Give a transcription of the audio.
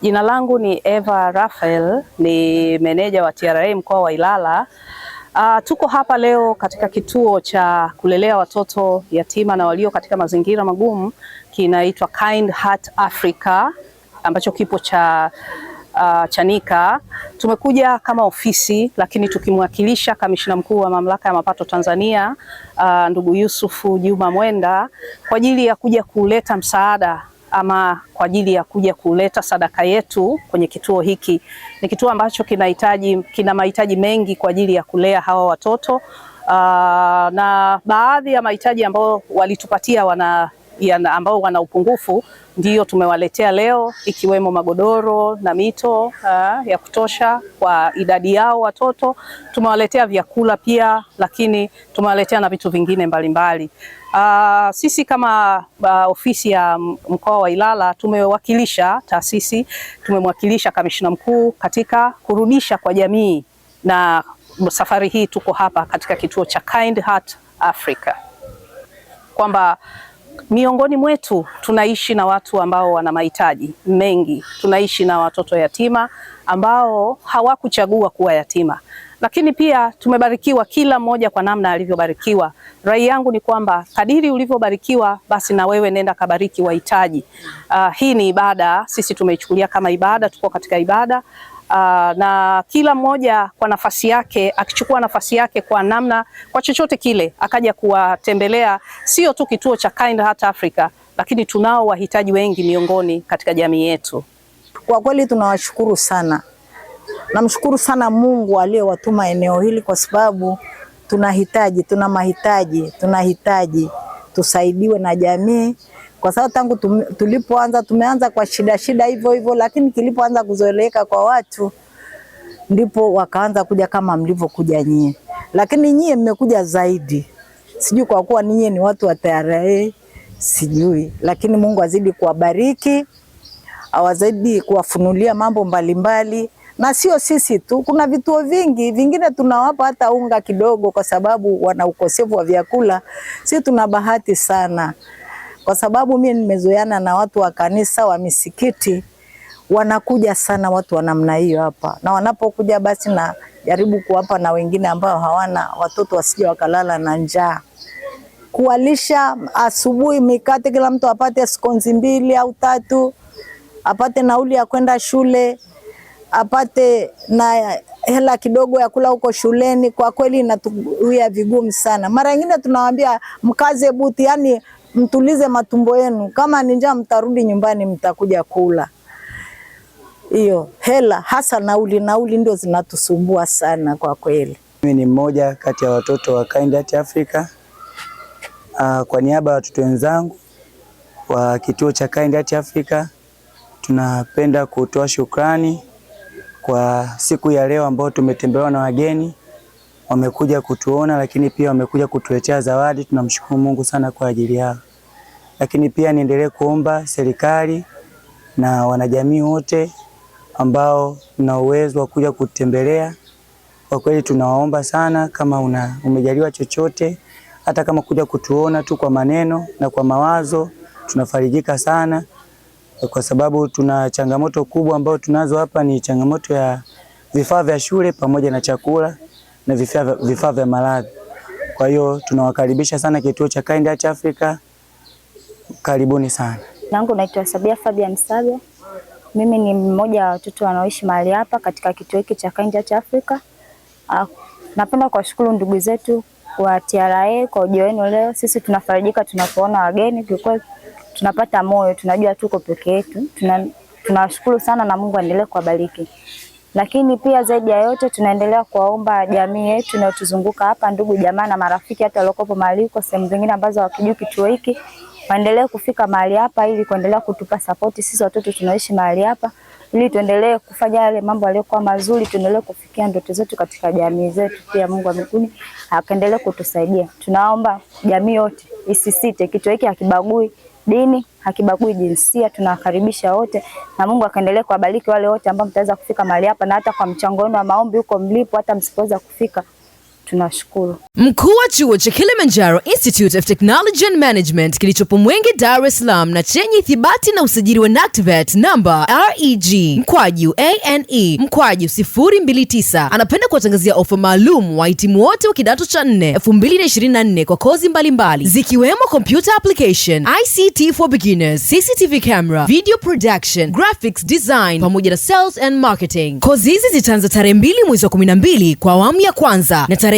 Jina langu ni Eva rafael ni meneja wa TRA mkoa wa Ilala. Uh, tuko hapa leo katika kituo cha kulelea watoto yatima na walio katika mazingira magumu kinaitwa Kind Heart Africa ambacho kipo cha uh, ah, Chanika. Tumekuja kama ofisi lakini tukimwakilisha kamishina mkuu wa mamlaka ya mapato Tanzania, uh, ndugu Yusufu Juma Mwenda kwa ajili ya kuja kuleta msaada ama kwa ajili ya kuja kuleta sadaka yetu kwenye kituo hiki. Ni kituo ambacho kinahitaji kina mahitaji mengi kwa ajili ya kulea hawa watoto. Aa, na baadhi ya mahitaji ambayo walitupatia wana ambao wana upungufu ndiyo tumewaletea leo, ikiwemo magodoro na mito ah, ya kutosha kwa idadi yao watoto. Tumewaletea vyakula pia, lakini tumewaletea na vitu vingine mbalimbali mbali. Ah, sisi kama a, ah, ofisi ya mkoa wa Ilala tumewakilisha taasisi, tumemwakilisha kamishina mkuu katika kurudisha kwa jamii, na safari hii tuko hapa katika kituo cha Kind Heart Africa kwamba Miongoni mwetu tunaishi na watu ambao wana mahitaji mengi, tunaishi na watoto yatima ambao hawakuchagua kuwa yatima, lakini pia tumebarikiwa kila mmoja kwa namna alivyobarikiwa. Rai yangu ni kwamba kadiri ulivyobarikiwa, basi na wewe nenda kabariki wahitaji. Uh, hii ni ibada, sisi tumeichukulia kama ibada, tuko katika ibada Uh, na kila mmoja kwa nafasi yake akichukua nafasi yake kwa namna kwa chochote kile akaja kuwatembelea, sio tu kituo cha Kind Heart Africa, lakini tunao wahitaji wengi miongoni katika jamii yetu. Kwa kweli tunawashukuru sana, namshukuru sana Mungu aliyewatuma eneo hili kwa sababu tunahitaji, tuna mahitaji, tunahitaji tusaidiwe na jamii kwa sababu tangu tum, tulipoanza tumeanza kwa shida shida hivyo hivyo, lakini kilipoanza kuzoeleka kwa watu ndipo wakaanza kuja kama mlivyokuja nyie, lakini nyie mmekuja zaidi, sijui kwa kuwa ninyi ni watu wa TRA sijui, lakini Mungu azidi kuwabariki, awazidi kuwafunulia mambo mbalimbali mbali. Na sio sisi tu, kuna vituo vingi vingine tunawapa hata unga kidogo, kwa sababu wana ukosefu wa vyakula. Sisi tuna bahati sana kwa sababu mimi nimezoeana na watu wa kanisa wa misikiti, wanakuja sana watu wa namna hiyo hapa, na wanapokuja basi na jaribu kuwapa na wengine ambao hawana watoto, wasije wakalala na njaa, kuwalisha asubuhi mikate, kila mtu apate skonzi mbili au tatu, apate nauli ya kwenda shule, apate na hela kidogo ya kula huko shuleni. Kwa kweli inatuia vigumu sana. Mara nyingine tunawaambia mkaze buti, yani mtulize matumbo yenu. Kama ni njaa, mtarudi nyumbani, mtakuja kula. Hiyo hela hasa nauli, nauli ndio zinatusumbua sana kwa kweli. Mimi ni mmoja kati ya watoto wa Kind Heart Africa. Uh, kwa niaba ya watoto wenzangu wa kituo cha Kind Heart Africa tunapenda kutoa shukrani kwa siku ya leo ambayo tumetembelewa na wageni wamekuja kutuona, lakini pia wamekuja kutuletea zawadi. Tunamshukuru Mungu sana kwa ajili yao, lakini pia niendelee kuomba serikali na wanajamii wote ambao mna uwezo wa kuja kutembelea, kwa kweli tunawaomba sana, kama una, umejaliwa chochote, hata kama kuja kutuona tu kwa maneno na kwa mawazo, tunafarijika sana, kwa sababu tuna changamoto kubwa ambayo tunazo hapa, ni changamoto ya vifaa vya shule pamoja na chakula na vifaa vya maradhi. Kwa hiyo tunawakaribisha sana kituo cha Kind Hearts Africa, karibuni sana. Nangu naitwa Sabia Fabian Sabia, mimi ni mmoja wa watoto wanaoishi mahali hapa katika kituo hiki cha Kind Hearts Africa. Ah, napenda kuwashukuru ndugu zetu wa TRA kwa ujio wenu leo. Sisi tunafarijika tunapoona wageni, kwa tunapata moyo, tunajua tuko peke yetu. Tunawashukuru tuna sana na Mungu aendelee kuwabariki. Lakini pia zaidi ya yote, tunaendelea kuwaomba jamii yetu inayotuzunguka hapa, ndugu jamaa na marafiki, hata waliokopo mahali huko sehemu zingine ambazo hawakijui kituo hiki, waendelee kufika mahali hapa ili kuendelea kutupa sapoti sisi watoto tunaishi mahali hapa ili tuendelee kufanya yale mambo yaliyokuwa mazuri, tuendelee kufikia ndoto zetu katika jamii zetu. Pia Mungu wa mbinguni akaendelee kutusaidia. Tunaomba jamii yote isisite, kitu hiki hakibagui dini hakibagui jinsia, tunawakaribisha wote, na Mungu akaendelee kuwabariki wale wote ambao mtaweza kufika mahali hapa, na hata kwa mchango wenu wa maombi huko mlipo, hata msipoweza kufika tunashukuru. Mkuu wa chuo cha Kilimanjaro Institute of Technology and Management kilichopo Mwenge, Dar es Salaam na chenye ithibati na usajili wa NACTVET namba reg mkwaju ane mkwaju 029 anapenda kuwatangazia ofa maalum wahitimu wote wa kidato cha 4 2024 kwa kozi mbalimbali mbali, zikiwemo computer application, ICT for beginners, CCTV camera, video production, graphics design pamoja na sales and marketing. Kozi hizi zitaanza tarehe 2 mwezi wa 12 kwa awamu ya kwanza na tarehe